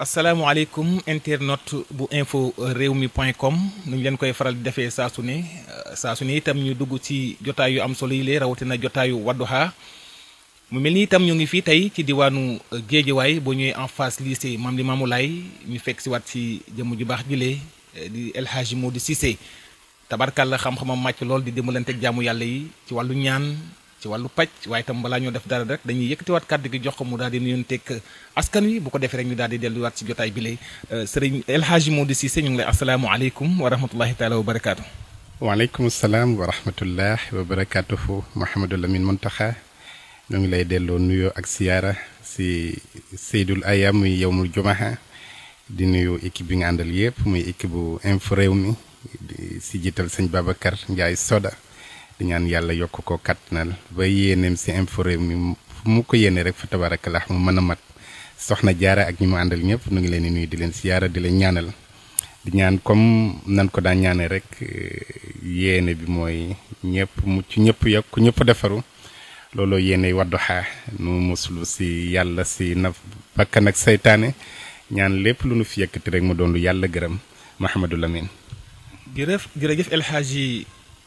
asalaamaaleykum internaute bu info euh, réew mi point com nu ñu leen koy faral di defee saa su ne euh, saa su ne itam ñu dugg ci jotaay yu am solo yi le rawatina jotaayu wadduha mu mel ni itam ñu ngi fii tey ci diwaanu euh, géejewaay boo ñëwee en face lycée Mame Limamou Laye ñu fekk si waat ci jëmm ju baax jilee di El Hadji Modou Cissé tabarkàlla xam a màcc lool di dimbalante ak jaamu yàlla yi ci wàllu ñaan ci wàllu paj waaye itam balaa ñoo def dara rek dañuy waat kàdd gi jox ko mu daal di nuyoon teg askan wi bu ko defee rek ñu daal di delluwaat ci jotaay bi lay euh, sëriñ El Hadji Modou Cissé ñu ngi lay wa rahmatullahi taala wa barakaatu. waaleykum salaam wa rahmatullah wa barakaatuhu Mouhamadou Lamine Muntaxa ñu ngi lay delloo nuyoo ak siyaara si Seydul Ayam muy yowmul jumaha di nuyu équipe bi nga àndal yëpp muy équipe bu info réew mi si jiital sëñ Babacar Ndiaye Soda. di ñaan yàlla yokk ko kattanal ba yéeneem si info mi fu mu ko yéene rek fa tabarakallah mu mën a mat soxna jaara ak ñi mu àndal ñëpp nu ngi leen di nuy di leen siyaara di leen ñaanal di ñaan comme nan ko daan ñaane rek eh, yéene bi mooy ñëpp mucc ñëpp yokk ñëpp defaru looloo yéene Wadduha nu muslu si yàlla si na bakkan ak seytaane ñaan lépp lu nu fi yëkkati rek mu doon lu yàlla gërëm Mahamadou Lamine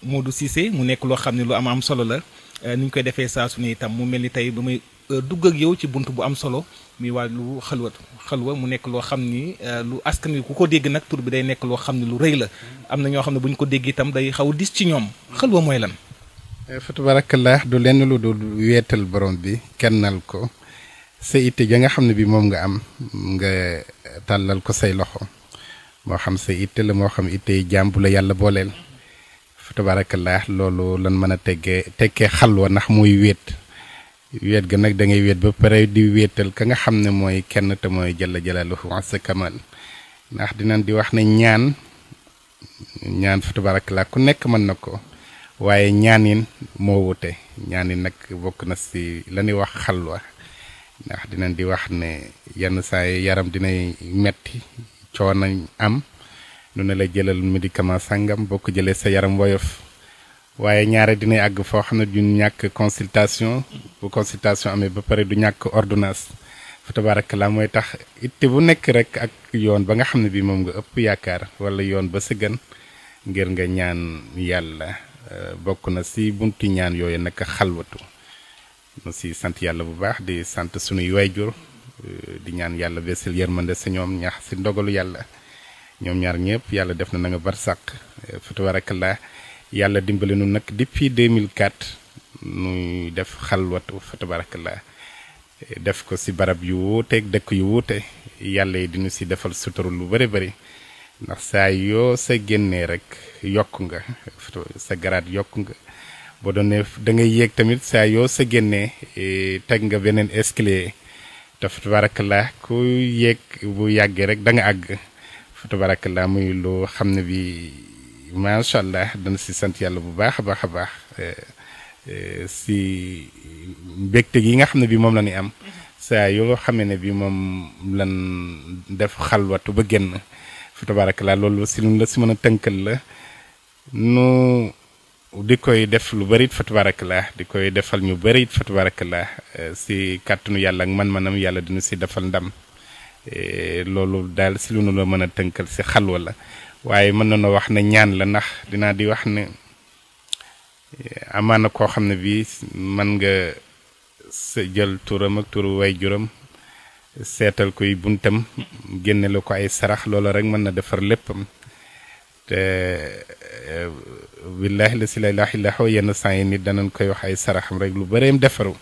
moo Modou Cissé mu nekk loo xam ne lu am am solo la euh, ni ñu koy defee saa su itam mu mel ni tey ba muy euh, dugg ak yow ci bunt bu am solo muy wàllu xalwat xalwa mu nekk loo xam ni euh, lu askan wi ku ko dégg nag tur bi day nekk loo xam ne lu rëy la am na ñoo xam ne bu ñu ko dégg itam day xaw dis ci ñoom xalwa mooy lan ba fa tabarakallah du lenn lu dul weetal borom bi kennal ko sa itte ja nga xam ne bi moom nga am nga tàllal ko say loxo moo xam sa itte la moo xam itte jàmbu la yàlla booleel fa tabarakallah loolu lan mën a tegge teggee tekkee wa ndax muy wéet wéet ga nag dangay wéet ba pare di wéetal ka nga xam ne mooy kenn te mooy jalla jalaaluhu sa kamal ndax dina di wax ne ñaan ñaan fa tabarakallah ku nekk mën na ko waaye ñaanin moo wute ñaanin nag bokk na si la ñuy wax xalwa ndax dina di wax ne yenn saa yaram dinay metti coono am nu ne la jëlal médicament sàngam boo ko jëlee sa yaram woyof waaye ñaare dinay àgg foo xam ne du ñàkk consultation bu consultation amee ba pare du ñàkk ordonnance fa tabaarakallaa mooy tax te bu nekk rek ak yoon ba nga xam ne bii moom nga ëpp yaakaar wala yoon ba sa ngir nga ñaan yàlla euh, bokk na si buntu ñaan yooyu nag xalwatu nu si sant yàlla bu baax di sant sunuy wayjur euh, di ñaan yàlla mën yërmande sa ñoom ñax si ndogalu yàlla ñoom ñaar ñëpp yàlla def na nanga nga barsàq fa tabarakallah yàlla dimbali nu nag depuis 2004 nuy def xalwatu fa def ko si barab yu wuuteeg dëkk yu wuute yàlla yi dinu ci defal suturu lu bëri bëri ndax saa yoo sa génnee rek yokk nga sa garaat yokk nga boo doon ne da ngay yéeg tamit saa yoo sa génnee eh, teg nga beneen escalier te fa tabarakallah ku yéeg bu yàggee rek da nga àgg fa tabarakallah muy lu xam ne bi macha allah dana si sant yàlla bu baax a baax a baax eh, eh, si mbégte yi nga xam ne bi moom la ñuy am saa yoo xamee ne bi moom lan def xalwatu ba génn fa tabarakallah loolu si lu la si mën a tënkal la nu di koy def lu bari it fa di koy defal ñu bëri it fa tabarakallah eh, si kàttanu yàlla ak man-manam man yàlla dina si defal ndam Eh, loolu daal si lu nu la mën a tënkal si xalwa la waaye mën na noo wax ne ñaan la ndax dinaa di wax ne eh, amaana koo xam ne bii mën nga sa jël turam ak turu way juram seetal koy buntam génne la ko ay sarax loola rek mën na defar léppam te billaahi eh, la si lay lax la xaw yenn saa yi nit danañ koy wax ay saraxam rek lu bëreem defaru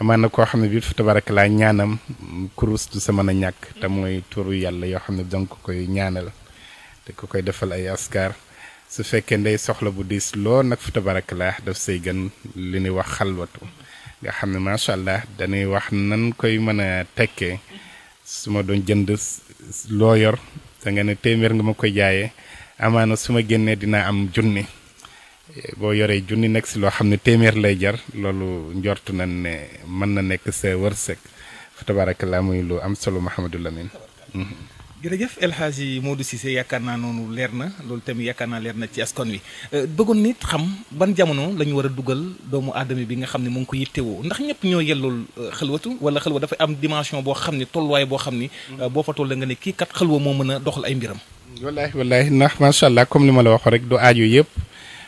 amaana koo xam ne bi fa tabaraka ñaanam kurus du sa mën a ñàkk te mooy turu yàlla yoo xam ne danga ko koy ñaanal te ko koy defal ay askar su fekkee ndey soxla bu diis loo nag fa tabaraka laa daf say gën li ñuy wax xalwatu nga xam ne macha allah dañuy wax nan koy mën a tekkee su ma doon jënd loo yor te nga ne téeméer nga ma koy jaayee amaana su ma génnee dina am junni boo yoree junni nag si loo xam ne téeméer lay jar loolu njort nañ ne mën na nekk sa wërsëg fa tabaarakallaa muy lu am solo Mouhamadou Lamine. jërëjëf El Hadji Modou Cissé yaakaar naa noonu leer na loolu tamit yaakaar naa leer na ci askan wi euh, bëggoon nit xam ban jamono la ñu war a dugal doomu aadama bi nga xam ne mu ngi ko yittewoo ndax ñëpp ñoo yellool euh, xëlwatu wala xëlwa dafa am dimension boo xam ne tolluwaay boo xam ni. Euh, boo fa toll nga ne kii kat xëlwa moo mën a doxal ay mbiram. wallaahi wallaahi ndax macha allah comme li ma la waxoon rek du aajo yëpp.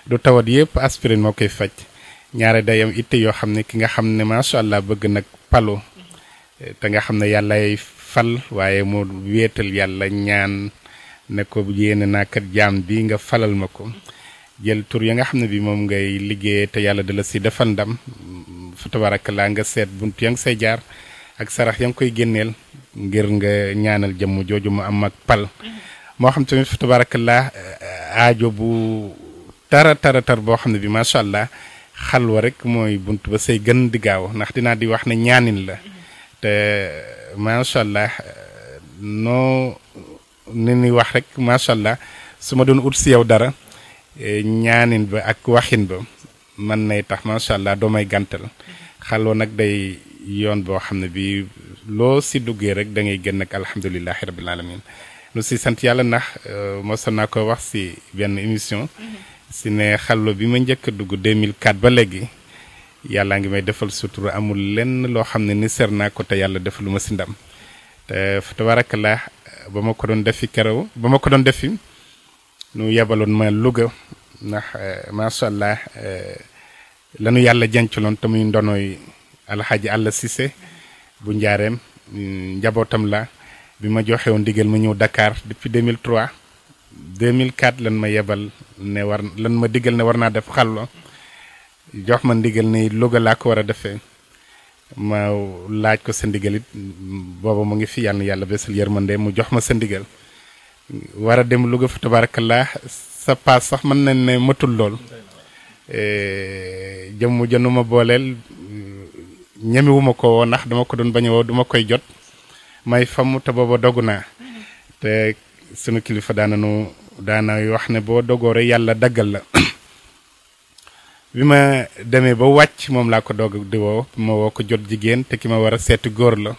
du tawat yëpp aspirine moo koy faj ñaare day am itte yoo xam ne ki nga xam ne macha allah bëgg nag palo te nga xam ne yàllay fal waaye mu wéetal yàlla ñaan ne ko yéene naakat jaam bi nga falal ma ko jël tur ya nga xam ne bi moom ngay liggéey te yàlla dala si defal ndam fa tabarakalaa nga seet bunt ya nga say jaar ak sarax ya nga koy génneel ngir nga ñaanal jëmm jooju mu am ak pal mm-hmm. moo xam tamit fa tabarakalaa aajo bu tara tara tar boo xam ne bi macha allah xalwa rek mooy buntu ba say gën di gaaw ndax dinaa di wax ne ñaanin la te macha allah no ni ni wax rek macha allah su ma doon ut si yow dara e, ñaanin ba ak waxin ba man nay tax macha allah doo may gàntal xalwa nag day yoon boo xam ne bi loo si duggee rek da ngay génn ak alhamdulilahi rabbil alamin lu si sant yàlla ndax e, mosoon naa ko wax si benn émission mm-hmm. si ne xallo bi ma njëkk a dugg 2004 ba léegi yàllaa ngi may defal sutura amul lenn loo xam ne ni ser naa ko te yàlla def lu ma si ndam te tabarakallah ba ma ko doon def fi keroog ba ma ko doon def fi nu yebaloon ma Louga ndax eh, macha allah eh, lanu yàlla jenculoon te muy ndonooy alxaaji àlla Cissé bu njaareem mm, njabootam la bi ma joxe woon ndigal ma ñëw Dakar depuis 2003. 2004 lan ma yebal ne war lan ma diggal ne war naa def xalwa jox ma ndigal ne Louga laa ko war a defe ma laaj ko sa ndigal it booba mu ngi fi yàlla yàlla beesal yërmande mu jox ma sa ndigal war a dem Louga fa tabarakallah sa paas sax man nañ ne matul lool e, jëmm jënu ma booleel ñemewuma ko woo ndax dama ko doon bañ a woo duma koy jot may famu te booba dogu naa sunu kilifa daana nu daana wax ne boo dogoore yàlla daggal la bi ma demee ba wàcc moom laa ko doog di woo ma ko jot jigéen te ki ma war a seeti góor la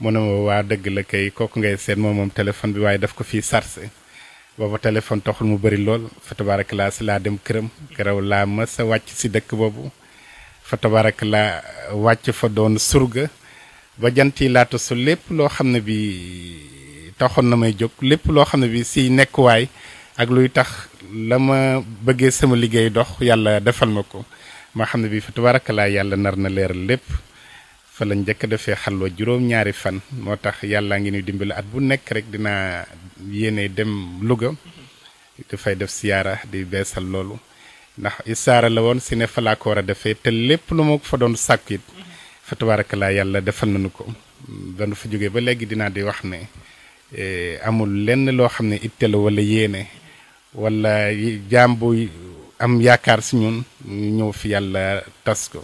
mu ne ma waa dëgg la kay kooku ngay seet moom moom téléphone bi waaye daf ko fii sarse booba téléphone taxul mu bari lool fa tabaarakallaa si laa dem këram këraw laa ma sa wàcc si dëkk boobu fa tabaarakallaa wàcc fa doon surga ba jant yi laata su lépp loo xam ne bi taxoon na may jóg lépp loo xam ne bi si nekkuwaay ak luy tax la ma bëggee sama liggéey dox yàlla defal ma ko ma xam ne bi fa tabarakalaa yàlla nar na leeral lépp la njëkk defee xalwa juróom-ñaari fan moo tax yàllaa ngi nuy dimbali at bu nekk rek dinaa yéene dem Louga dafay def siyaara di beesal loolu ndax isaara la woon si ne fa laa ko war lépp lu ma fa doon sàkkit fa tabarakalaa yàlla defal nañu ko danu fa jógee ba léegi dinaa di wax ne Eh, amul lenn loo xam ne itte walla wala yéene wala jaam bu am yaakaar si ñun ñu ñëw fi yàlla tas ko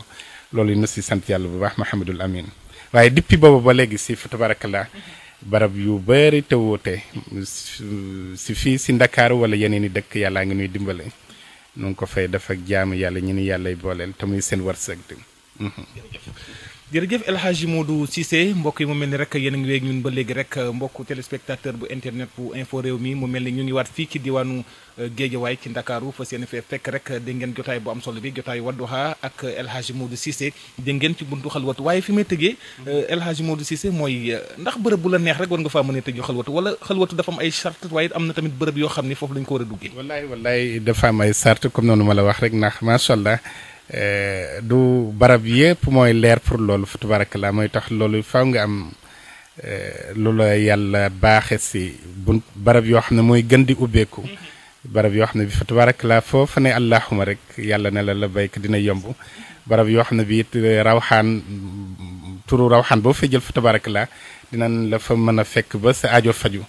loolu na si sant yàlla bu baax Mahamadul Amin waaye depuis boobu ba léegi si fa tabarakallah barab yu bëri te wuute si fii si ndakaaru wala yeneen i dëkk yàllaa ngi nuy dimbale nu ko fay def ak jaamu yàlla ñu ni yàllay booleel te muy seen war wërsëg mm-hmm. jërëjëf El Hadji Modou Cissé mbokk yi mu mel ni rek yéen a ngi wéeg ñun ba léegi rek mbokku téléspectateur bu internet bu info réew mi mu mel ni ñu ngi waat fii ci diwaanu Géejawaay ci Ndakaaru fa seen fee fekk rek dégg ngeen jotaay bu am solo bi jotaay Wadduha ak El Hadji Modou Cissé dégg ngeen ci buntu xalwatu waaye fi may tëjee El Hadji Modou Cissé mooy ndax bërëb bu la neex rek war nga faa mën a tëjee xalwatu wala xalwatu dafa am ay charte waaye am na tamit bërëb yoo xam ni foofu lañ ko war a duggee wallaay wallaay dafa am ay charte comme noonu ma la wax rek ndax macha allah Eh, du barab yëpp mooy leer pour loolu fa tabarakallah mooy tax loolu faw nga am eh, lu la yàlla baaxe si bunt barab yoo xam ne mooy gën di ubbeeku mm-hmm. barab yoo xam ne bi fa tabarakallah foofa ne allahuma rek yàlla ne la la béyk dina yomb barab yoo xam ne bi it eh, rawxaan turu rawxaan boo fa jël fa tabarakallah dina la fa mën a fekk ba sa aajo faju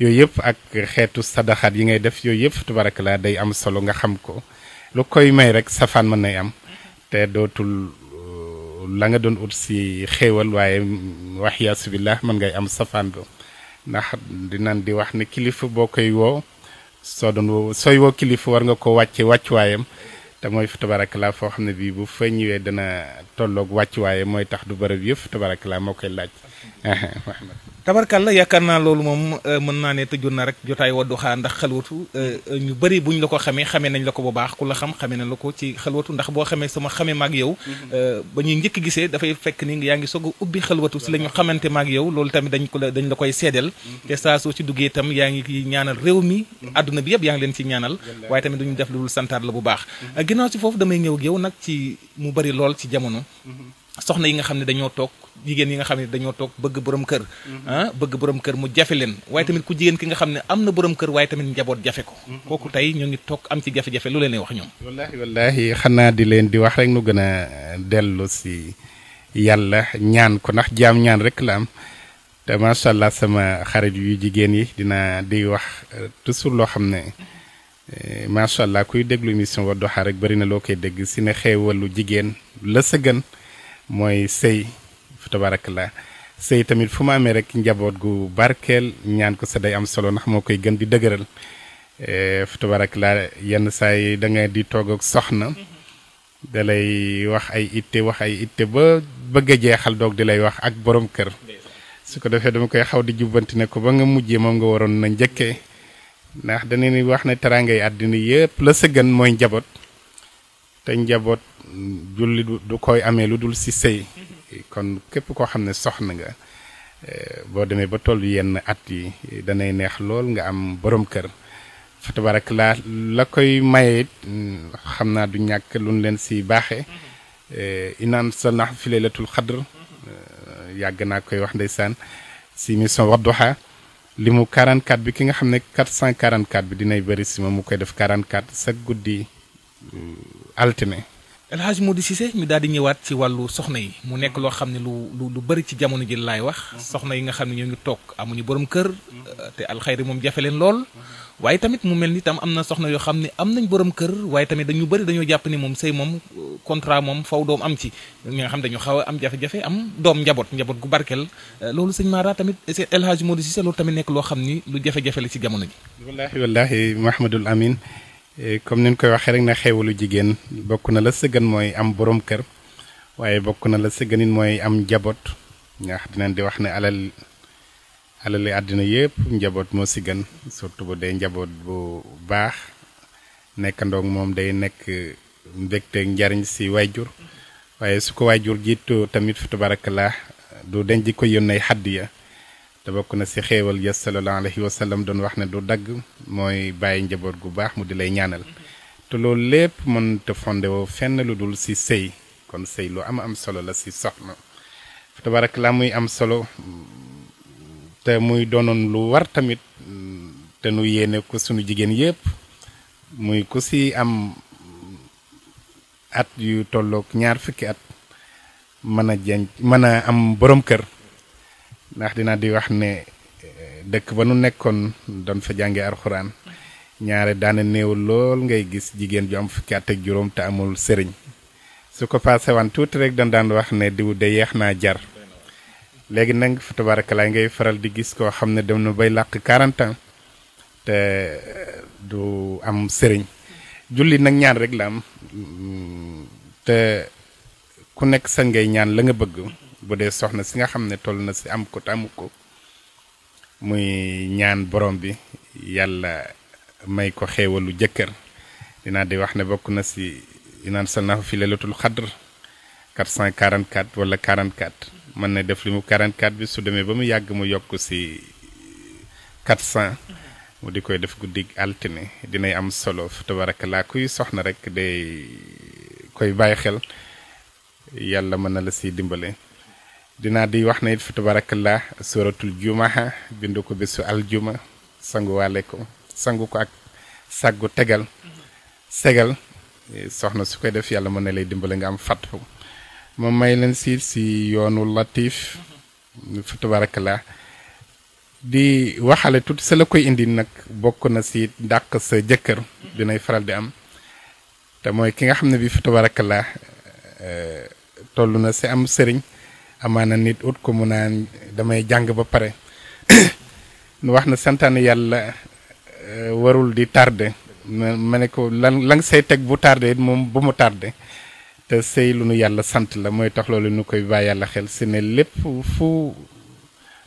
yooyu yëpp ak xeetu sadaxaat yi ngay def yooyu yëpp fa tabarakallah day am solo nga xam ko lu koy may rek safaan mën nay am te dootul euh, la nga doon ut si xéewal waaye wax yaasubillah mën ngay am safaan ba ndax dinañ di wax ne kilifa boo koy woo soo doon woo sooy woo kilifa war nga ko wàcce wàccuwaayam te mooy fa tabarakalaa foo xam ne bii bu fa ñëwee dana tollook wàcc wàccuwaayam mooy tax du bërëb yëf tabarakalaa moo koy laaj la yaakaar naa loolu moom euh, mën naa ne tëjoon na rek jotaay wadduha ndax xalwatu euh, ñu bu ñu la ko xamee xamee nañ la ko bu baax ku la xam xamee nañ la ko ci xalwatu ndax boo xamee sama xamee maag yow mm-hmm. euh, ba ñu njëkk gisee dafay fekk ni yaa ngi soog a ubbi xalwatu si la ñu xamante maag yow loolu tamit dañ la dañ la koy seedeel mm-hmm. te saa soo ci duggee itam yaa ngi ñaanal réew mi mm-hmm. adduna bi yëpp yaa ngi leen ci ñaanal waaye tamit duñu def lu dul santaat la bu baax ginnaaw si damay ñëw ak yow ci mu bëri lool ci jamono soxna yi nga xam ne dañoo toog jigéen yi nga xam ne dañoo toog bëgg borom kër mhm. ah bëgg borom kër mu jafe leen waaye tamit ku jigéen ki nga xam ne am na borom kër waaye tamit njaboot jafe ko mhm. kooku tey ñoo ngi toog am ci jafe-jafe lu leen lay wax ñoom wallahi wallahi xanaa di leen di wax rek nu gën a dellu si yàlla ñaan ko ndax jaam ñaan rek la am te macha allah sama xarit yu jigéen yi dina di wax euh, toujours loo xam ne euh, macha allah kuy déglu émission Wadduha rek bëri na loo koy dégg si ne xéewalu jigéen la sa gën moy sey fu tabarakallah sey tamit fuma mu rek njabot gu barkel ñaan ko sa am solo nak moo koy gën di dëgëral eh, fu tabarakallah yenn say da nga di togok ak soxna wahai wax ay itte wax ay itte ba bëgg jéxal dog doog wax ak borom kër su ko defé dama koy xaw di jubanti ne ko ba nga mujjé mom nga waron na ndax dañ ni wax ne tarangay adina yépp la sa gën moy njabot te njaboot julli du koy amee lu dul si sëy kon képp koo xam ne soxna nga eh, boo demee ba toll yenn at yi danay neex lool nga am borom kër fa tabarak laa la koy maye mm, xam naa du ñàkk lu ñu leen si baaxee eh, inaan sa nax fi laylatul xadr eh, yàgg naa koy wax ndeysaan si mission Wadduha li mu 44 bi ki nga xam ne 444 bi dinay bëri si ma mu koy def 44 sa guddi mm, altine. El Hadj Modou Cissé ñu daal di ñëwaat ci wàllu soxna yi mu nekk loo xam ne lu lu lu bëri ci jamono ji laay wax. soxna yi nga xam ne ñoo ngi toog amuñu borom kër. te moom jafe leen lool. waaye tamit mu mel ni tam am na soxna yoo xam ne am nañ borom kër waaye tamit dañu bëri dañoo jàpp ni moom sëy moom contrat moom faw doom am ci. ñi nga xam dañu xaw a am jafe-jafe am doom njaboot njaboot gu barkeel loolu sëñ maaraa tamit sëñ El Hadj Modou Cissé loolu tamit nekk loo xam ni lu jafe-jafe la ci jamono ji. wallaahi wallaahi Mouhamadul Eh, comme ni koy waxee rek ne xewalu jigéen bokk na la sëggan mooy am boroom kër waaye bokk na la sëgganin mooy am njaboot ndax dinañ di wax ne alal alali àddina yépp njaboot moo si gën surtout bu dee njaboot bu baax nekkandoog moom day nekk mbégteeg njariñ si waajur waaye su ko waajur jiitoo tamit fi tabarakallah du denc ko yónnee xàddiya te bokk na si xéewal ya sallallahu alayhi wa doon wax ne du dagg mooy bàyyi njaboot gu baax mu di lay ñaanal te loolu lépp mën te fondé woo fenn lu dul si sëy kon sëy lu am am solo la si soxna fa tabarak la muy am solo te muy doonoon lu war tamit te nu yéene ko suñu jigéen yépp muy ku si am at yu tollook ñaar fukki at mën a jan mën a am boroom kër ndax dinaa di wax ne eh, dëkk ba nu nekkoon doon fa jànge arxuraan ñaare daana néew lool ngay gis jigéen ju am fukki at juróom te amul sëriñ su ko paase tuuti rek dañ daan wax ne diw de yeex naa jar léegi nag fa tabaarakalaay ngay faral di gis koo xam ne dem na bay làq 40 ans te eh, du am sëriñ julli nag ñaan rek la am mm, te ku nekk sa ngay ñaan la nga bëgg bu dee soxna si nga xam ne toll na si am ko te amu ko muy ñaan borom bi yàlla may ko xéewalu jëkkër dinaa di wax ne bokk na si inaan salnaahu fi lailatul xadr 444 wala 44 mën na def li mu 44 bi su demee ba mu yàgg mu yokk si 400 mu di koy def guddig altine dinay am solo tabaraka laa kuy soxna rek day koy bàyyi xel yàlla mën na la si dimbale Dinadi di wax ne fi tabarakallah suratul jumaha bindu ko al juma sangu walekum sangu ko ak sagu tegal segal e, soxna su koy def yalla mo ne lay dimbalé nga am fatu mo may len si yonu latif fi tabarakallah di waxale tout sa la koy indi nak bokku na si dak sa jeuker dinay faral di am te moy ki nga xamne bi fi tabarakallah e, tollu na ci am serigne amaana nit ut ko mu naan damay jàng ba pare nu wax na santaane yàlla euh, warul di tàrde ma ne ko lan lan say teg bu tardé moom bu mu tardé te sëy lu nu yàlla sant la mooy tax loolu nu koy bàyyi yàlla xel si ne lépp fu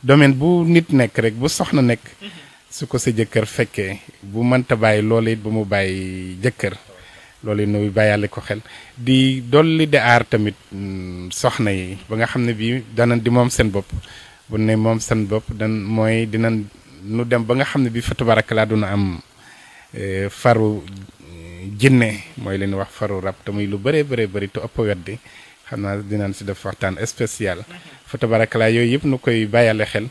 domaine bu nit nekk rek bu soxna nekk mm-hmm. su ko sa jëkkër fekkee bu mënta bàyyi loolu it bu mu bàyyi jëkkër lolé nuy bayale ko xel di dolli de arta tamit mm, soxna yi ba nga xamné bi di mom sen bop bu ne mom sen bop dan mooy dinan nu dem ba nga xamné foto fatu fa la am e, faru e, jinne moy leen wax faru rap te muy lu béré béré bëri te ëpp wet di xam ci def waxtan spécial mhm. fatu tabaraka la yoy yep nu koy xel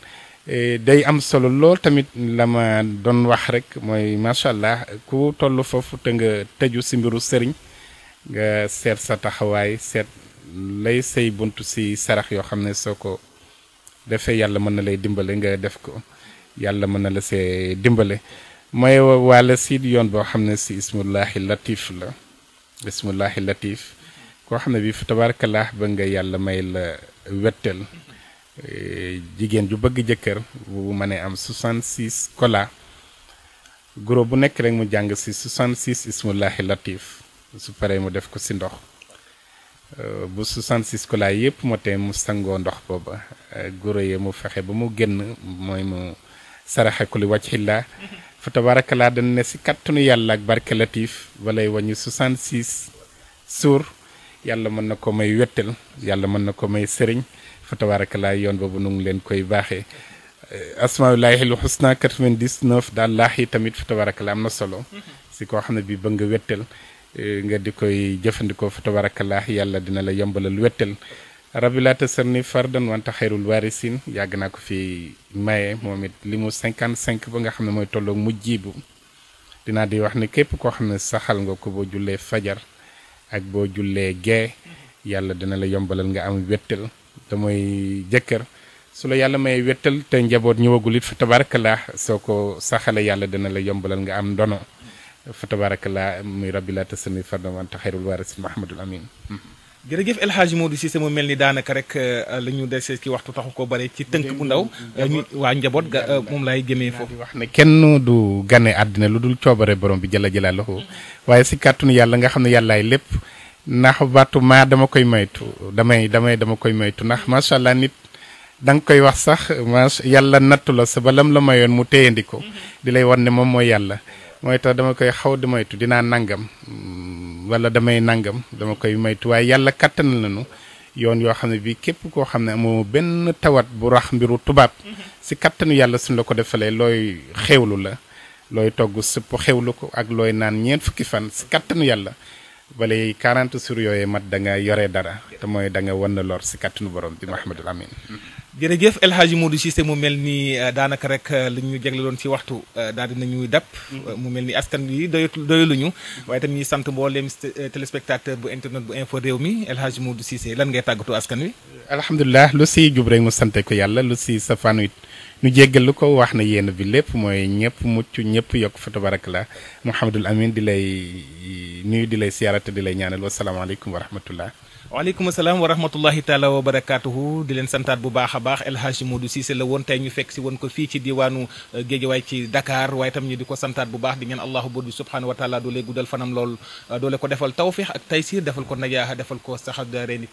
day am solo lool tamit lama don wax rek mooy macha allah ku tollu fofu te nga tëju ci mbiru serigne nga set sa taxaway set lay sey buntu ci sarax yo xamne soko soo yàlla mën na lay dimbale nga def ko yàlla mën na la sé dimbale moy wala sid yon bo xamne ci si latif la bismillahi latif ko xamne bi tabarakallah ba nga yàlla may la wettel jigéen ju bëgg jëkkër bu mënee am 66 kola groupe bu nekk rek mu jàng si 66 ismullahi latif su paree mu def ko si ndox euh, bu 66 kola yëpp moo tee mu sangoo ndox booba euh, goro yee mu fexe ba mu génn mooy mu saraxe ku li wàccilla fa tabaarakalaa dañ ne si kattanu yàlla ak barke latif balay wañu 66 suur yàlla mën na ko may wettel yàlla mën na ko may sëriñ fa tabaarakallaa yoon boobu nu ngi leen koy baaxee asmaulaahi lu xusna 99 daal laax yi tamit fa tabaarakallaa am na solo si koo xam ne bi ba nga wettel eh, nga di koy jëfandikoo fa tabaarakallaa yàlla dina la yombalal wettel rabbi laa tasarni fardan wanta xayrul waarisin yàgg naa ko fi maye moom it li mu 55 ba nga xam ne mooy mu mujjibu dinaa di wax ne képp koo xam ne saxal nga ko boo jullee fajar ak boo jullee gee yàlla dina la yombalal nga am wettal te mooy jëkkër su la yàlla may wettal te njaboot ñëwagul it fa tabarakallah soo ko saxale yàlla dina la yombalal nga am ndono fa tabarakallah muy rabbi laa tasani fardan wa anta xayrul waarisin mahamadul amin jërëjëf El moo Modou Cissé mu mel ni daanaka rek euh, la ñu dese ci waxtu taxu ko bare ci tënk bu ndaw euh, ñu waa njaboot ga euh, moom laay gémmee foofu wax ne kenn du gane àddina lu dul coobare borom bi jëla jëla loxo waaye si kàttanu yàlla nga xam ne yàllaay lépp ndax baatu maa dama koy maytu damay damay dama koy maytu ndax macha allah nit da nga koy wax sax yàlla nattu la sa balam la mayoon mu téyandi ko mm-hmm. di lay wan ne moom mooy yàlla mooy tax dama koy xaw di moytu dinaa nangam wala damay nangam dama koy maytu waaye yàlla kàttanal nañu yoon yoo xam ne bii képp koo xam ne amoo benn tawat bu rax mbiru tubaab si kàttanu yàlla suñ la ko defalee looy xewlu la looy togg sëpp xewlu ko ak looy naan ñeent fukki fan si kàttanu yàlla balay 40 sur yooyee mat da nga yore dara te mooy da nga wan lor si kàttanu borom bi Muhammadul Amin jërëjëf El Hadji Modou Cissé mu mel nii euh, daanaka rek euh, li ñu jegle doon ci waxtu euh, daal dina ñuy dab. Mm-hmm. mu mel ni askan bi doyatul doyaluñu. waaye tam ñuy sant mboolem téléspectateur bu internet bu info réew mi elhage Hadji Modou Cissé lan ngay tàggatoo askan wi. alhamdulilah lu siy jub rek nu sante ko yàlla lu si sa fanu it nu jéggal ko wax na yéen bi lépp mooy ñëpp mucc ñëpp yokk fa tabarakallah Mouhamadul Amin di lay nuyu di lay siyaarate di lay ñaanal wasalaamaaleykum wa rahmatullah waaleykum asalaam wa rahmatullahi taala wa barakaatuhu di leen santaat bu baax a baax El Hadji Modou Cissé la woon ñu fekk si woon ko fii ci diwaanu euh, Géejawaay ci dakaar waaye tam ñu di ko santaat bu baax di ngeen allahu buur bi subhaanahu wa taala doole guddal fanam lool euh, doole ko defal tawfiix ak taysiir defal ko najaaxa defal ko saxadaare ni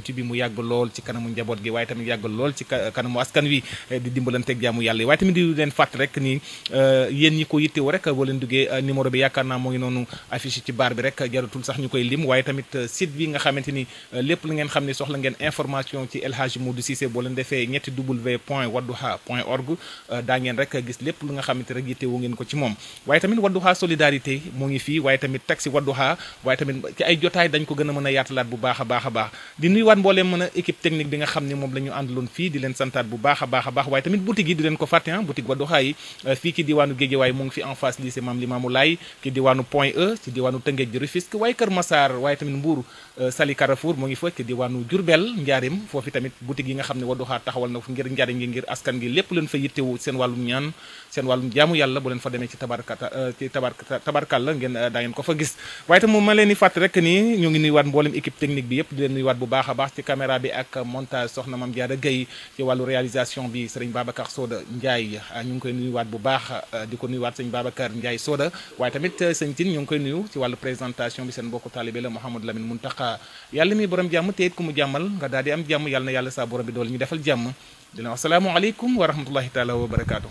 ci bi mu yàgg lool lool ci kanamu njaboot gi waaye tamit yàggal lool ci kanamu askan wi eh, di dimbalanteeg jaamu yàlla yi waaye tamit di leen fàtt rek ni eh, yéen ñi ko yittewoo rek boo leen duggee eh, numéro bi yaakaar naa moo ngi noonu affiché ci baar bi rek jaratul sax ñu koy lim waaye tamit site bi nga xamante ni lépp lu ngeen xam ne soxla ngeen information ci El Hadji Modou Cissé boo leen defee ñetti w ngeen ko ci moom waaye tamit wadduha solidarité moo ngi fii waaye tamit taxi a mën a Teknik technique bi nga xamni mom lañu andalon fi di len santat bu baakha baakha baax a tamit boutique yi di len ko faté ah, hein boutique Wadduha yi ki euh, diwanu way mo ngi fi en face lycée mam Limamou lay ki diwanu Point E ci diwanu Tëngéej di Rufisque way keur Massar waaye tamit Mbour euh, Sali Carrefour mo ngi fa ci diwaanu Diourbel Njaarim foofu tamit boutique yi nga xamni taxawal na ngir ndiar ngi ngir askan gi lepp leen fa wu sen walum ñaan sen walum jaamu yalla bu len fa démé ci tabarakata euh, ci tabar tabarkàlla ngeen da ngeen ko fa gis waaye tamit ma leen fat rek ni ñu ngi wat mbolim équipe technique bi yépp di wat bu baakha baax ci caméra bi ak ak montage soxna Mame Diarra Gueye ci wàllu réalisation bi sëriñ Babacar Soda Ndiaye ah, ñu ngi koy nuyu waat bu baax ah, di ko nuyuwaat sëñ Babacar Ndiaye Soda waaye tamit ah, sëñ Tine ñu ngi koy nuyu ci wàllu présentation bi seen bokk taalibe la Mouhamadou Lamine Muntaxa yàlla mi borom jàmm te it ku mu jàmmal nga daal di am jàmm yàlla na yàlla saa borom bi dool ñu defal jàmm di leen wax salaamu aleykum wa rahmatullahi taala wa barakaatu